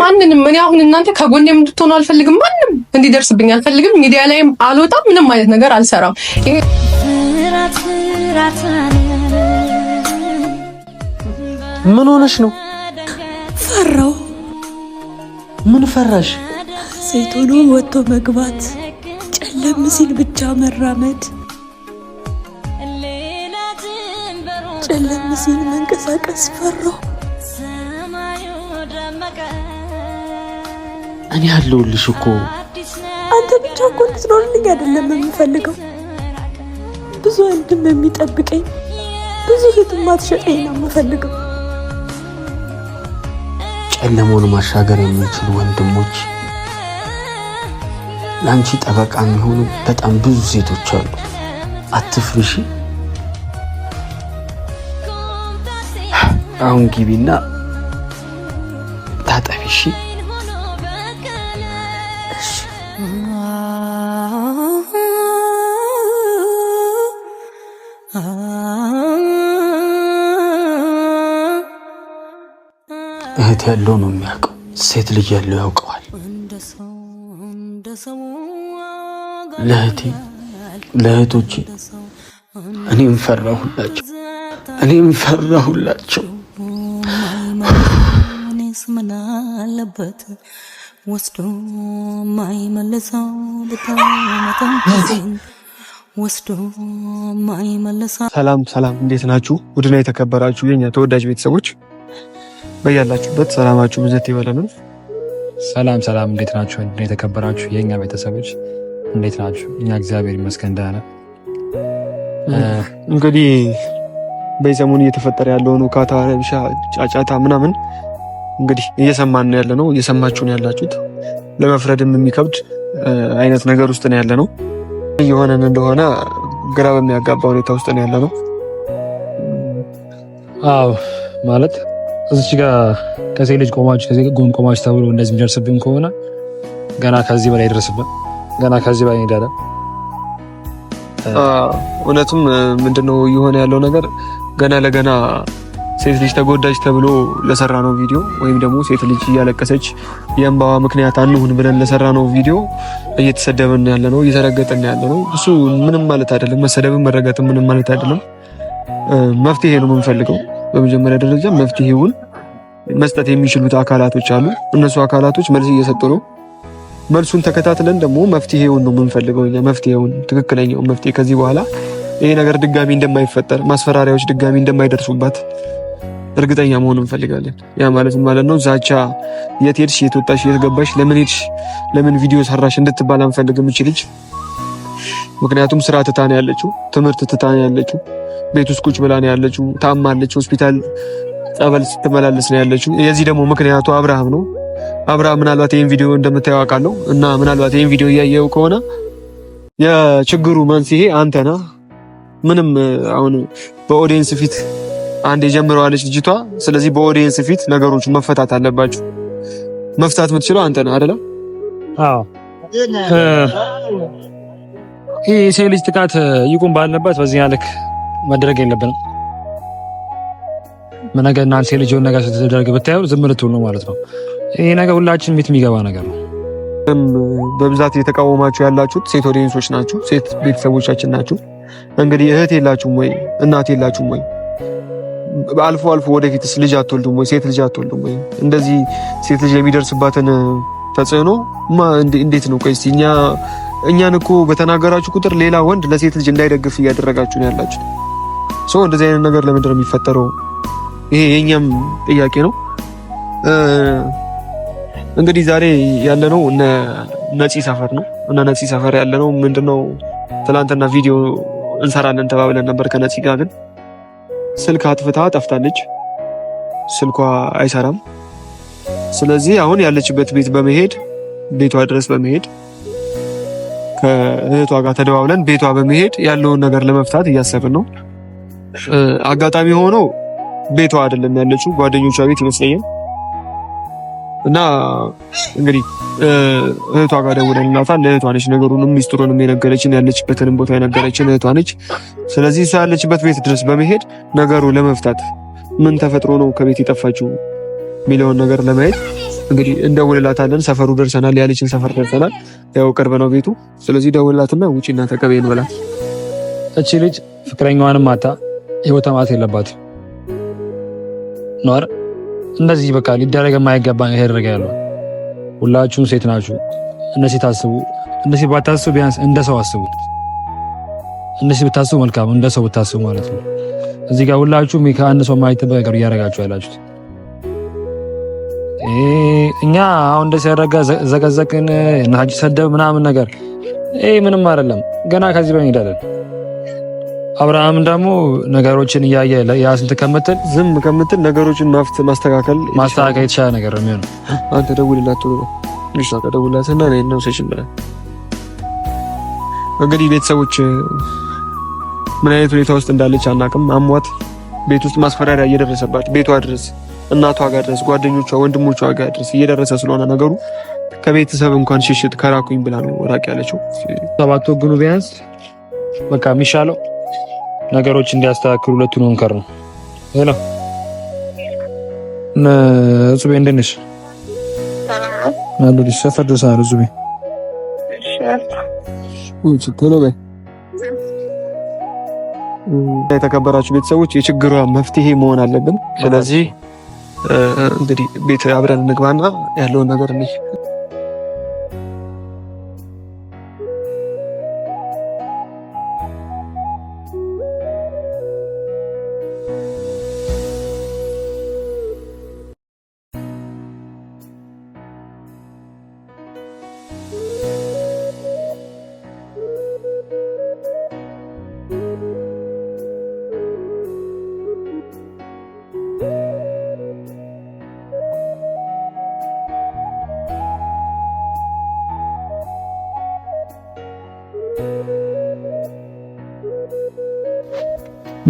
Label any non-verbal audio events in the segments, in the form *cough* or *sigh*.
ማንንም እኔ አሁን እናንተ ከጎን የምትሆኑ አልፈልግም። ማንም እንዲደርስብኝ አልፈልግም። ሚዲያ ላይም አልወጣም። ምንም አይነት ነገር አልሰራም። ምን ሆነሽ ነው? ፈራው። ምን ፈራሽ? ሴት ሆኖ ወጥቶ መግባት፣ ጨለም ሲል ብቻ መራመድ፣ ጨለም ሲል መንቀሳቀስ ፈራው። እኔ ያለሁልሽ እኮ አንተ ብቻ እኮ እንድትኖርልኝ አይደለም የምፈልገው። ብዙ ወንድም የሚጠብቀኝ ብዙ እህት ማትሸጠኝ ነው የምፈልገው። ጨለማውን ማሻገር የምንችሉ ወንድሞች፣ ለአንቺ ጠበቃ የሚሆኑ በጣም ብዙ ሴቶች አሉ። አትፍርሺ። አሁን ግቢና እህት ያለው ነው የሚያውቀው፣ ሴት ልጅ ያለው ያውቀዋል። ለእህቴ ለእህቶቼ እኔም ፈራሁላቸው፣ እኔም ፈራሁላቸው። ወስዶ ማይመልሰው ወስዶ ማይመልሰው። ሰላም ሰላም፣ እንዴት ናችሁ? ውድና የተከበራችሁ የኛ ተወዳጅ ቤተሰቦች በያላችሁበት ሰላማችሁ ብዘት ይበለንም። ሰላም ሰላም፣ እንዴት ናችሁ? ውድና የተከበራችሁ የእኛ ቤተሰቦች እንዴት ናችሁ? እኛ እግዚአብሔር ይመስገን ደህና ነን። እንግዲህ በሰሞኑ እየተፈጠረ ያለውን ካታ፣ ረብሻ፣ ጫጫታ ምናምን እንግዲህ እየሰማን ያለ ነው፣ እየሰማችሁ ነው ያላችሁት። ለመፍረድም የሚከብድ አይነት ነገር ውስጥ ነው ያለ ነው። እየሆነን እንደሆነ ግራ በሚያጋባ ሁኔታ ውስጥ ነው ያለ ነው። አዎ ማለት እዚች ጋር ከሴ ልጅ ቆማች ከሴ ጎን ቆማች ተብሎ እንደዚህ የሚደርስብን ከሆነ ገና ከዚህ በላይ ይደርስብን፣ ገና ከዚህ በላይ እንሄዳለን። እውነቱም ምንድነው እየሆነ ያለው ነገር ገና ለገና ሴት ልጅ ተጎዳች ተብሎ ለሰራ ነው ቪዲዮ ወይም ደግሞ ሴት ልጅ እያለቀሰች የእንባዋ ምክንያት አንሁን ብለን ለሰራ ነው ቪዲዮ እየተሰደብን ያለ ነው፣ እየተረገጥን ያለ ነው። እሱ ምንም ማለት አይደለም። መሰደብን መረገጥን ምንም ማለት አይደለም። መፍትሄ ነው የምንፈልገው። በመጀመሪያ ደረጃ መፍትሄውን መስጠት የሚችሉት አካላቶች አሉ። እነሱ አካላቶች መልስ እየሰጡ ነው። መልሱን ተከታትለን ደግሞ መፍትሄውን ነው የምንፈልገው። መፍትሄውን፣ ትክክለኛው መፍትሄ ከዚህ በኋላ ይሄ ነገር ድጋሚ እንደማይፈጠር ማስፈራሪያዎች ድጋሚ እንደማይደርሱባት እርግጠኛ መሆን እንፈልጋለን። ያ ማለት ማለት ነው ዛቻ የት ሄድሽ፣ የት ወጣሽ፣ የት ገባሽ፣ ለምን ሄድሽ፣ ለምን ቪዲዮ ሰራሽ እንድትባል አንፈልግም እች ልጅ። ምክንያቱም ስራ ትታ ነው ያለችው፣ ትምህርት ትታ ነው ያለችው፣ ቤት ውስጥ ቁጭ ብላ ነው ያለችው፣ ታማለች፣ ሆስፒታል ጸበል ስትመላለስ ነው ያለችው። የዚህ ደግሞ ምክንያቱ አብርሃም ነው። አብርሃም ምናልባት ይህን ቪዲዮ እንደምታየው አውቃለሁ እና ምናልባት ይህን ቪዲዮ እያየው ከሆነ የችግሩ መንስኤ አንተ ነህ። ምንም አሁን በኦዲየንስ ፊት አንድ የጀምረዋለች ልጅቷ። ስለዚህ በኦዲየንስ ፊት ነገሮች መፈታት አለባችሁ። መፍታት የምትችለው አንተ ነህ አይደለም? አዎ። ይህ የሴት ልጅ ጥቃት ይቁም ባለበት በዚህ ያልክ መደረግ የለብንም። ነገር እናንተ ሴት ልጅ ነገር ስትደረግ ብታየው ዝም ልትውል ነው ማለት ነው። ይህ ነገር ሁላችን ቤት የሚገባ ነገር ነው። በብዛት እየተቃወማችሁ ያላችሁት ሴት ኦዲየንሶች ናችሁ፣ ሴት ቤተሰቦቻችን ናችሁ። እንግዲህ እህት የላችሁም ወይ እናት የላችሁም ወይ? አልፎ አልፎ ወደፊትስ ልጅ አትወልዱም ወይ? ሴት ልጅ አትወልዱም ወይ? እንደዚህ ሴት ልጅ የሚደርስባትን ተጽዕኖ እንዴት ነው? ቆይ እኛ እኛን እኮ በተናገራችሁ ቁጥር ሌላ ወንድ ለሴት ልጅ እንዳይደግፍ እያደረጋችሁ ነው ያላችሁ። ሰው እንደዚህ አይነት ነገር ለምንድነው የሚፈጠረው? ይሄ የኛም ጥያቄ ነው። እንግዲህ ዛሬ ያለነው እነ ነፂ ሰፈር ነው እነ ነፂ ሰፈር ያለነው ምንድነው፣ ትናንትና ቪዲዮ እንሰራለን ተባብለን ነበር ከነፂ ጋር ግን ስልክ አጥፍታ ጠፍታለች። ስልኳ አይሰራም። ስለዚህ አሁን ያለችበት ቤት በመሄድ ቤቷ ድረስ በመሄድ ከእህቷ ጋር ተደዋውለን ቤቷ በመሄድ ያለውን ነገር ለመፍታት እያሰብን ነው። አጋጣሚ ሆኖ ቤቷ አይደለም ያለችው ጓደኞቿ ቤት ይመስለኛል። እና እንግዲህ እህቷ ጋር ደውለን እናቷን እህቷ ነች ነገሩንም ሚስጥሩንም የነገረችን ያለችበትንም ቦታ የነገረችን እህቷ ነች። ስለዚህ እሷ ያለችበት ቤት ድረስ በመሄድ ነገሩ ለመፍታት ምን ተፈጥሮ ነው ከቤት የጠፋችው የሚለውን ነገር ለማየት እንግዲህ እንደውልላታለን። ሰፈሩ ደርሰናል፣ ያለችን ሰፈር ደርሰናል። ያው ቅርብ ነው ቤቱ። ስለዚህ ደውልላትና ውጪና ተቀበይን በላት። እቺ ልጅ ፍቅረኛዋንም ማታ ህይወት ማት የለባትም እንደዚህ በቃ ሊደረግ የማይገባ ያደረገ ያለው ሁላችሁም ሴት ናችሁ። እነዚህ ታስቡ፣ እነዚህ ባታስቡ ቢያንስ እንደ ሰው አስቡ። እነዚህ ብታስቡ መልካም፣ እንደ ሰው ብታስቡ ማለት ነው። እዚህ ጋር ሁላችሁም ከአንድ ሰው የማይጠበቅ ነገር እያደረጋችሁ ያላችሁት እኛ አሁን እንደዚህ ያደረገ ዘቀዘቅን ናጅ ሰደብ ምናምን ነገር ይህ ምንም አይደለም። ገና ከዚህ በላይ እንሄዳለን። አብርሃም ደግሞ ነገሮችን እያየ ያ ስንት ከምትል ዝም ከምትል ነገሮችን ማስተካከል ማስተካከል የተሻለ ነገር ነው የሚሆነው። አንተ ደውልላት ነው ደውልላትና እኔ ነው ሰሽን ብለህ እንግዲህ ቤተሰቦች ምን አይነት ሁኔታ ውስጥ እንዳለች አናውቅም። አሟት ቤት ውስጥ ማስፈራሪያ እየደረሰባት ቤቷ ድረስ እናቷ ጋር ድረስ ጓደኞቿ፣ ወንድሞቿ ጋር ድረስ እየደረሰ ስለሆነ ነገሩ ከቤተሰብ እንኳን ሽሽት ከራኩኝ ብላ ነው ራቅ ያለችው። ሰባት ወግኑ ቢያንስ በቃ የሚሻለው ነገሮች እንዲያስተካክሉ ሁለቱን መንከር ነው። ሄሎ እጹቤ፣ እንደት ነሽ? አለሁልሽ። ሰፈር ደርሰናል እጹቤ። የተከበራችሁ ቤተሰቦች የችግሯ መፍትሄ መሆን አለብን። ስለዚህ እንግዲህ ቤት አብረን እንግባና ያለውን ነገር እንይ።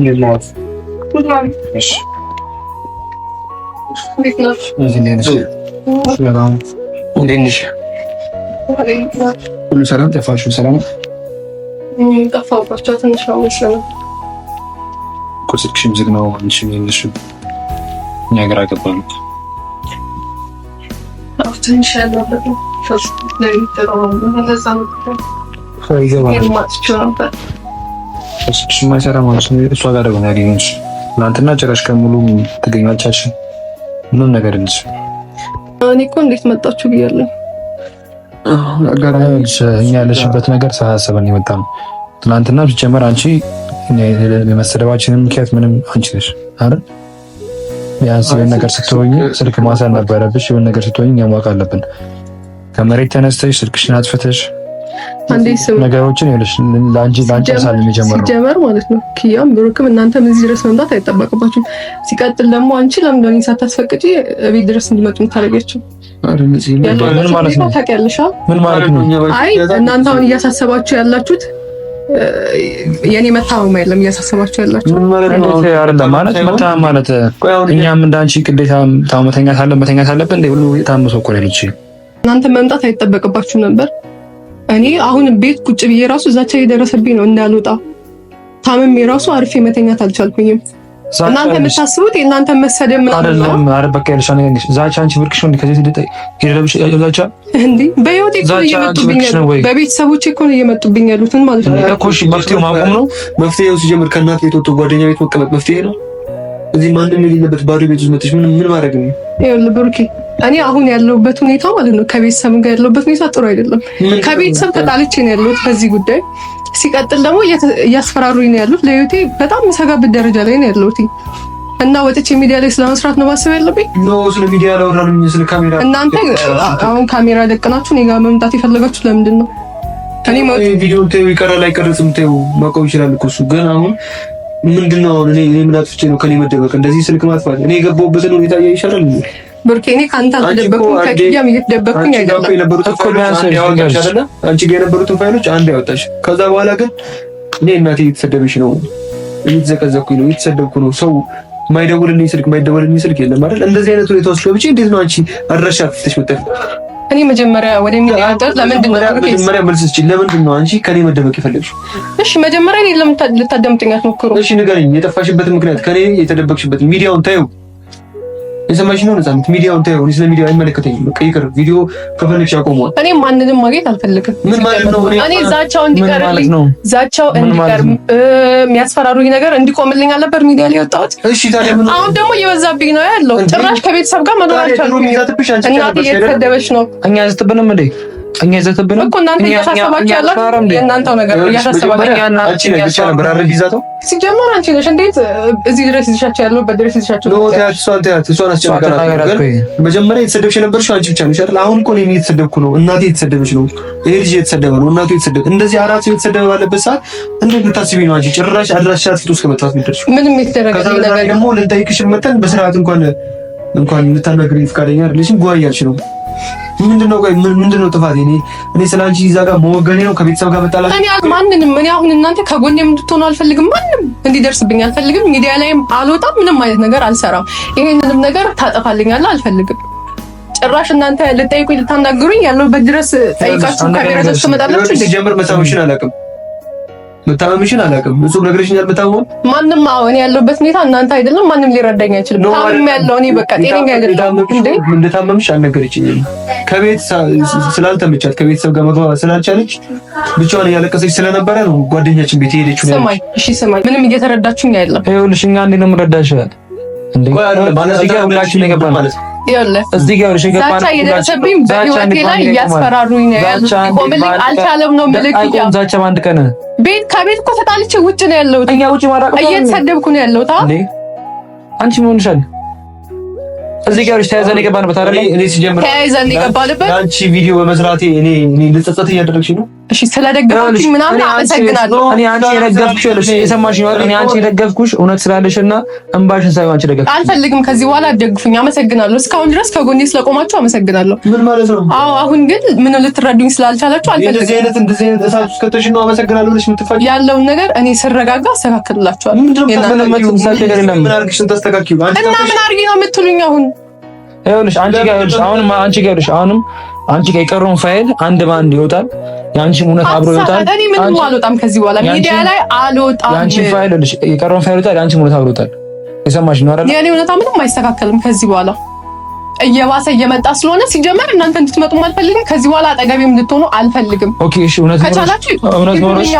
እንዴት ነው? እሺ ሁሉ ሰላም ጠፋሽ? ሰላም ጠፋባቸው። ትንሽ እኮ ስልክሽም ዝግ ነው፣ አንቺም የለሽም። እኛ ሀገር አገባን እኮ ትንሽ ያለበት ነው። እሱ ማይሰራ ማለት ነው። እሷ ጋር ደግሞ ያገኙት ትናንትና ጭራሽ ከሙሉ ትገኛቻች ምንም ነገር እንጂ እኔ እኮ እንዴት መጣችሁ ብያለሁ። እኛ ያለሽበት ነገር ሳያሰበን የመጣ ነው። ትናንትና ሲጀመር አንቺ የመሰደባችንን ምክንያት ምንም አንቺ ነሽ አይደል? ቢያንስ የሆነ ነገር ስትሆኝ ስልክ ማሳል ነበረብሽ። የሆነ ነገር ስትሆኝ እኛ ማወቅ አለብን። ከመሬት ተነስተሽ ስልክሽን አጥፍተሽ ነገሮችን ይኸውልሽ ለአንቺ ለአንቺ ሳለን የጀመረው ሲጀመር ማለት ነው። ኪያም ብሩክም እናንተም እዚህ ድረስ መምጣት አይጠበቅባችሁም። ሲቀጥል ደግሞ አንቺ ለምን ለኔ ሳታስፈቅጂ እቤት ድረስ እንዲመጡ የምታደርጊያቸው ምን ማለት ነው? ምን ማለት ነው? አይ እናንተ አሁን እያሳሰባችሁ ያላችሁት የኔ መታመም አይደለም። እያሳሰባችሁ ያላችሁ አይደለም ማለት መታመም ማለት እኛም እንዳንቺ ግዴታ መተኛት አለብን። ሁሉ ታምሶ እኮ ነው። እናንተ መምጣት አይጠበቅባችሁም ነበር እኔ አሁን ቤት ቁጭ ብዬ ራሱ ዛቻ እየደረሰብኝ ነው እንዳልወጣ ታምሜ ራሱ አርፌ መተኛት አልቻልኩኝም። እናንተ የምታስቡት የእናንተ መሰደም ምናምን ዛቻ አንቺ ብርቅሽ ነው። ከዚህ ዛቻ እየመጡብኝ በቤተሰቦቼ እኮ ነው እየመጡብኝ ያሉትን ማለት ነው እኮ። እሺ መፍትሄው ማቆም ነው። መፍትሄው ሲጀምር ከእናት ቤት ጓደኛ ቤት መቀመጥ መፍትሄ ነው። እዚህ ማንም የሌለበት ባዶ ቤት ውስጥ መጥተሽ ምን ምን ማድረግ ነው? ይኸውልህ ብሩኬ እኔ አሁን ያለሁበት ሁኔታ ማለት ነው ከቤተሰብ ጋር ያለሁበት ሁኔታ ጥሩ አይደለም። ከቤተሰብ ተጣልቼ ነው ያለሁት በዚህ ጉዳይ። ሲቀጥል ደግሞ እያስፈራሩኝ ነው ያሉት። ለዩቴ በጣም የምሰጋበት ደረጃ ላይ ነው ያለሁት እና ወጥቼ ሚዲያ ላይ ስለመስራት ነው ማሰብ ያለብኝ። ካሜራ እናንተ አሁን ካሜራ ደቅናችሁ እኔ ጋር መምጣት የፈለጋችሁ ለምንድን ነው? ቪዲዮ ይቀራል አይቀርጽም ተይው ይችላል እኮ እሱ ግን አሁን ምንድን ነው እኔ ምን አጥፍቼ ነው ከኔ መደበቅ እንደዚህ ስልክ ማጥፋት እኔ የገባሁበትን ሁኔታ ብርኬኔ ከአንተ አልተደበኩም። ከኪያም እየተደበኩኝ አይደለም። አንቺ ጋር የነበሩትን ፋይሎች አንድ ያወጣሽ። ከዛ በኋላ ግን እኔ እናቴ እየተሰደብሽ ነው፣ እየተዘቀዘኩኝ ነው፣ እየተሰደብኩ ነው። ሰው ማይደውልልኝ ስልክ ማይደውልልኝ ስልክ የለም አይደል? እንደዚህ አይነት ሁኔታ ውስጥ ገብቼ እንዴት ነው አንቺ አድራሻ ፍተሽ መጣሽ? እኔ መጀመሪያ ወደ ያጣጥ ለምንድን ነው መጀመሪያ መልስ እስኪ ለምንድን ነው አንቺ ከኔ መደበቅ የፈለግሽው? እሺ መጀመሪያ እኔ ለምን ልታዳምጠኝ አትሞክሩ? እሺ ንገሪኝ፣ የጠፋሽበት ምክንያት ከኔ የተደበቅሽበት ሚዲያውን ታዩ የሰማሽ ነው ነፃነት፣ ሚዲያውን ተይው። እኔ ስለ ሚዲያ አይመለከተኝም። በቃ ይቅር። ቪዲዮ ከፈለግሽ አቆመዋል። እኔ ማንንም ማግኘት አልፈልግም። ምን ማለት ነው? እኔ ዛቻው እንዲቀርልኝ ዛቻው እንዲቀር የሚያስፈራሩኝ ነገር እንዲቆምልኝ አልነበር ሚዲያ ላይ የወጣሁት። እሺ፣ ታዲያ ምን? አሁን ደግሞ እየበዛብኝ ነው ያለው። ጭራሽ ከቤተሰብ ጋር መኖር አልቻልኩም። እናቴ እየተሰደበች ነው። እኛ ዝትብንም እንዴ እኛ ይዘትብን እኮ እናንተ እያሳሰባችሁ ያላችሁ የእናንተው ነገር እያሳሰባችሁ ሲጀመር አንቺ ነሽ። እንዴት እዚህ ድረስ ይዘሻቸው ያለሁበት ድረስ ይዘሻቸው መጀመሪያ የተሰደብሽ የነበርሽው አንቺ ብቻ ነሽ አይደል? አሁን እኮ እኔ የተሰደብኩ ነው። እናቴ የተሰደበች ነው። ይሄ ልጅ የተሰደበ ነው። እናቱ የተሰደበ እንደዚህ አራት ሰው የተሰደበ ባለበት ሰዓት እንዴት ልታስቢ ነው አንቺ? ጭራሽ አድራሻ ትቶ እስከመጣት ምድርሽ ምንም የተደረገ ነገር ደግሞ ልንጠይቅሽ መጠን በስርዓት እንኳን እንኳን ልታናግሪኝ ፈቃደኛ አይደለሽም። ጓያልሽ ነው ምንድነው? ቆይ ምንድነው ጥፋት? እኔ እኔ ስላንቺ እዛ ጋር መወገኔ ነው ከቤተሰብ ጋር መጣላት። እኔ ማንንም እኔ አሁን እናንተ ከጎኔ የምትሆኑ አልፈልግም። ማንም እንዲደርስብኝ አልፈልግም። ሚዲያ ላይም አልወጣም። ምንም አይነት ነገር አልሰራም። ይሄንንም ነገር ታጠፋልኛለህ አልፈልግም። ጭራሽ እናንተ ልጠይቁኝ ልታናግሩኝ ያለሁበት ድረስ ጠይቃችሁ ካሜራ ተመጣላችሁ ጀምር መሳቦችን አላውቅም መታመምሽን አላውቅም። እሱም ነግረሽኛል። መታመም ማንም አሁን ያለሁበት ሁኔታ እናንተ አይደለም፣ ማንም ሊረዳኝ አይችልም። ታምም ያለው እኔ በቃ ጤነኛ አይደለም። እንዴ እንደታመምሽ አልነገረችኝም። ከቤት ስላልተመቻት ከቤተሰብ ጋር መግባባት ስላልቻለች ብቻዋን እያለቀሰች ስለነበረ ነው ጓደኛችን ቤት የሄደችው ነው። ስማኝ፣ እሺ ስማኝ፣ ምንም እየተረዳችሁኝ አይደለም። ይኸውልሽ እኛ እንዴት ነው የምንረዳሽ? እንዴ ማለት ነው ማለት ነው እዚህ ጋር እሺ፣ ዛቻ በህይወቴ ላይ እያስፈራሩኝ ነው ያሉት። ቆምልኝ፣ አልቻለም ነው ምልክት። ዛቻ አንድ ቀን ቤት ከቤት እኮ ተጣልቼ ውጭ ነው ያለሁት። እኛ ውጭ ማራቅ እየተሰደብኩ ነው ያለሁት። አንቺ እዚህ ጋር እሺ፣ ተያይዘን የገባንበት እኔ ሲጀምር ተያይዘን የገባንበት አንቺ ቪዲዮ በመስራቴ እኔ እኔ ልጸጸት እያደረግሽ ነው እሺ ስለደገፋችሁኝ ምናምን አመሰግናለሁ። እኔ አንቺ የደገፍኩሽ ያለሽ የሰማሽ ነው። እኔ አንቺ የደገፍኩሽ እውነት ስላለሽና እንባሽን ሳይሆን አንቺ ደገፍኩሽ። አልፈልግም ከዚህ በኋላ አትደግፉኝ። አመሰግናለሁ። እስካሁን ድረስ ከጎኔ ስለቆማችሁ አመሰግናለሁ። ምን ማለት ነው? አዎ አሁን ግን ምን ልትረዱኝ ስላልቻላችሁ አልፈልግም። ያለውን ነገር እኔ ስረጋጋ አስተካክልላችኋለሁ። ምንድን ነው እና ምን አድርጊ ነው የምትሉኝ አሁን? ይኸውልሽ አንቺ ጋር ይኸውልሽ አሁንም አንቺ ጋር ይኸውልሽ አሁንም አንቺ ጋር የቀረውን ፋይል አንድ በአንድ ይወጣል። የአንቺም እውነት አብሮ ይወጣል። እኔ ምንም አልወጣም ከዚህ በኋላ ሚዲያ ላይ አልወጣም። የአንቺ ፋይል የቀረውን ፋይል ይወጣል። የአንቺም እውነት አብሮ ይወጣል። የሰማሽ ነው አይደል? የእኔ እውነታ ምንም አይስተካከልም ከዚህ በኋላ እየባሰ እየመጣ ስለሆነ ሲጀመር እናንተ እንድትመጡ አልፈልግም። ከዚህ በኋላ አጠገቤም እንድትሆኑ አልፈልግም። ኦኬ፣ እሺ። እውነት ከቻላችሁ እውነት ኖሮሽ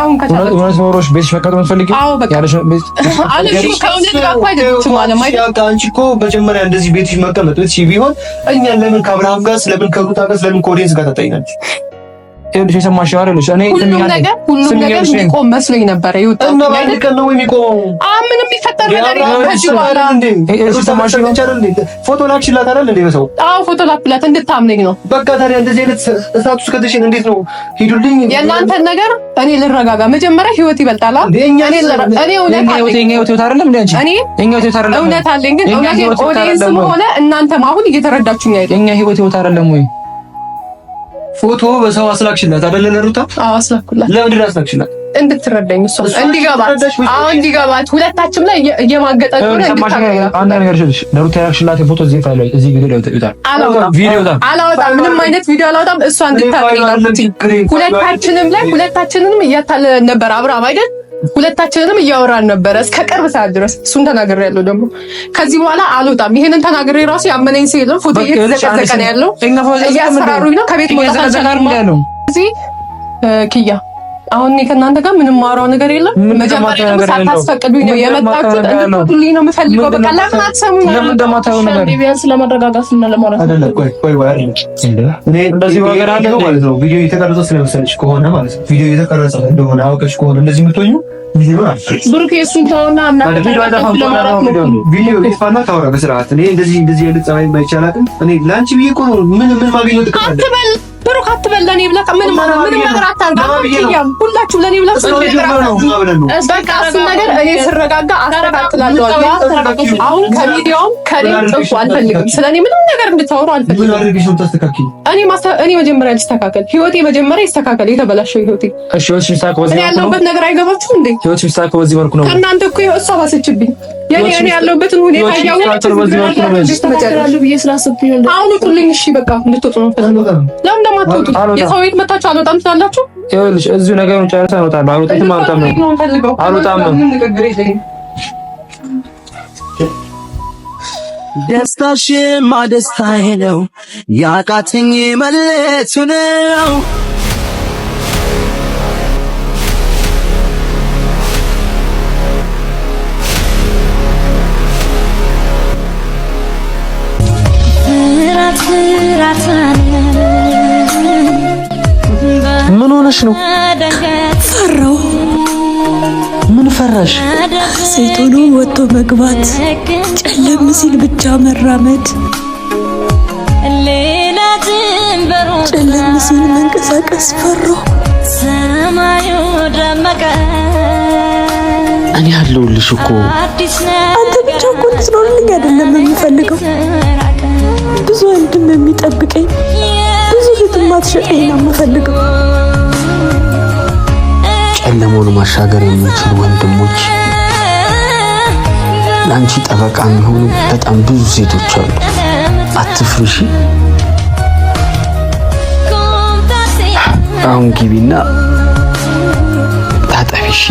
እውነት ኖሮሽ ቤትሽ መቀጠል የምትፈልጊው? አዎ፣ በቃ *laughs* አለሽ። ከእውነት ጋር እኮ አይደለም አለም አይደለም። አንቺ እኮ መጀመሪያ እንደዚህ ቤትሽ መቀመጥ ቢሆን እኛን ለምን ከአብርሃም ጋር ስለምን ከሩታ ጋር ስለምን ከኦዲየንስ ጋር ታጣይናለሽ? ይኸውልሽ የሰማሽ አይደል? እኔ ሁሉም ነገር ሁሉም ነገር የሚቆም መስሎኝ ነበረ። ነው ነው። ነው? የእናንተን ነገር እኔ ልረጋጋ መጀመሪያ። ህይወት ይበልጣል። እኔ እናንተም አሁን እየተረዳችሁኝ አይደል? ህይወት ህይወት አይደለም ወይ ፎቶ በሰው አስላክሽላት አይደለ? ለሩታ አዎ፣ አስላክኩላት። ለምንድን አስላክሽላት? እንድትረዳኝ እሷ እንዲገባት፣ አዎ እንዲገባት፣ ሁለታችንም ላይ እየማገጠን ነው። አንድ ነገር ለሩታ ያክሽላት ፎቶ እዚህ ፋይል እዚህ ቪዲዮ ላይ ይወጣል። አላወጣም፣ ምንም አይነት ቪዲዮ አላወጣም። እሷ እንድታገኝ ሁለታችንም ላይ ሁለታችንንም እያታለለን ነበር አብርሃም አይደል ሁለታችንንም እያወራን ነበረ እስከ ቅርብ ሰዓት ድረስ። እሱን ተናግሬ ያለው ደግሞ ከዚህ በኋላ አልወጣም። ይሄንን ተናግሬ ራሱ ያመነኝ ሰው የለም። ፎቶ እየተዘቀዘቀ ነው ያለው፣ እያስፈራሩኝ ነው። ከቤት መውጣት ነው እዚህ ኪያ አሁን እኔ ከእናንተ ጋር ምንም ማውራው ነገር የለም። መጀመሪያ ደግሞ ሳታስፈቅዱኝ ነው የመጣችሁት። እንድትሉኝ ነው የምፈልገው። በቃ ለምን አትሰሙኝ? ቢያንስ ለመረጋጋት እና ለማውራት አይደለም። ቆይ ቆይ እንደዚህ ነገር አለ ማለት ነው። ቪዲዮ የተቀረጸ ስለመሰለች ከሆነ ማለት ነው ቪዲዮ የተቀረጸ እንደሆነ አውቀሽ ከሆነ እንደዚህ የምትሆኙ ብሩክ እሱን ተውና ቪዲዮ በስርዓት። እኔ እንደዚህ እንደዚህ አይነት እኔ ብዬ እኮ ነው። ምን ምን ማገኘው ጥቅም አለ? ብሩክ አትበል። ብለህ ነገር ብለህ ነገር በቃ ነገር እኔ ስረጋጋ አሁን ከሚዲያውም ጥፉ አልፈልግም። ምንም ነገር እንድታወሩ አልፈልግም። እኔ መጀመሪያ ልስተካከል፣ ህይወቴ መጀመሪያ ይስተካከል፣ የተበላሸው ህይወቴ። ያለሁበት ነገር አይገባችሁም እንዴ? ህይወት የሚስተካከለው በዚህ መልኩ ነው። እናንተ እኮ ይኸው እሷ ባሰችብኝ። የኔ እኔ ያለሁበትን ሁኔታ ያውቁት በዚህ መልኩ ነው። ብዬ ነው። አሁን ውጡልኝ። እሺ በቃ እንድትወጡ ነው። ለምን እንደማትወጡ የሰው ቤት መታችሁ አልወጣም ትላላችሁ። ይኸውልሽ እዚሁ ነገሩን ጨርሰን እወጣለሁ። አልወጣትም፣ አልወጣም ነው፣ አልወጣም ነው። ደስታሽ ደስታዬ ነው፣ ያቃተኝ መለየቱ ነው። ምን ሆነሽ ነው? ፈራሁ። ምን ፈራሽ? ሴት ሆኖ ወጥቶ መግባት፣ ጨለም ሲል ብቻ መራመድ፣ ጨለም ሲል መንቀሳቀስ ፈራሁ። እኔ አለሁልሽ እኮ አንተ ብቻ እኮ ልትኖርልኝ አይደለም የምፈልገው የምትጠብቀኝ ብዙ ፊት ማትሸጠኝ ነው የምፈልገው። ጨለማውን ማሻገር የሚችሉ ወንድሞች ለአንቺ ጠበቃ የሚሆኑ በጣም ብዙ ሴቶች አሉ። አትፍርሺ። አሁን ግቢና ታጠቢሽ።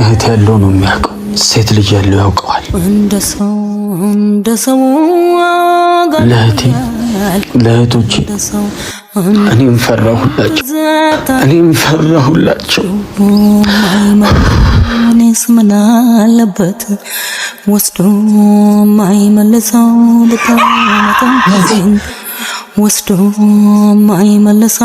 እህት ያለው ነው የሚያውቀው፣ ሴት ልጅ ያለው ያውቀዋል። ለእህቴ ለእህቶቼ እኔም ፈራሁላቸው፣ እኔም ፈራሁላቸው። እኔስ ምን አለበት ወስዶ ማይመልሰው ወስዶም አይመልሳ